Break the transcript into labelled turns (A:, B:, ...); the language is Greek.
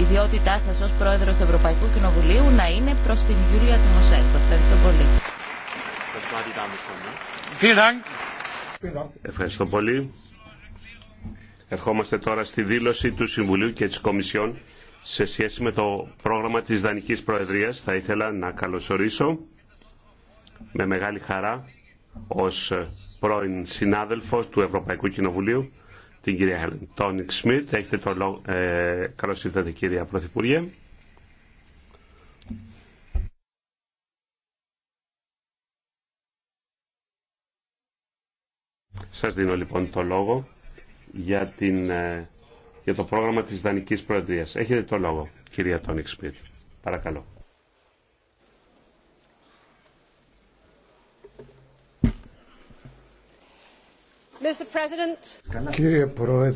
A: ιδιότητά σας ως πρόεδρος του Ευρωπαϊκού Κοινοβουλίου να είναι προς την Γιούλια Τιμοσέκο.
B: Ευχαριστώ
C: πολύ.
D: Ευχαριστώ πολύ. Ερχόμαστε τώρα στη δήλωση του Συμβουλίου και της Κομισιόν σε σχέση με το πρόγραμμα της Δανικής Προεδρίας. Θα ήθελα να καλωσορίσω με μεγάλη χαρά ως πρώην συνάδελφος του Ευρωπαϊκού Κοινοβουλίου την κυρία Τόνικ Σμιτ. Έχετε το λόγο. Ε, καλώς
E: ήρθατε κυρία Πρωθυπουργέ. Σας
D: δίνω λοιπόν το λόγο ε, για, το πρόγραμμα της Δανικής Προεδρίας. Έχετε το λόγο, κυρία Τόνικ Σμιτ. Παρακαλώ.
F: Κύριε
G: Πρόεδρε,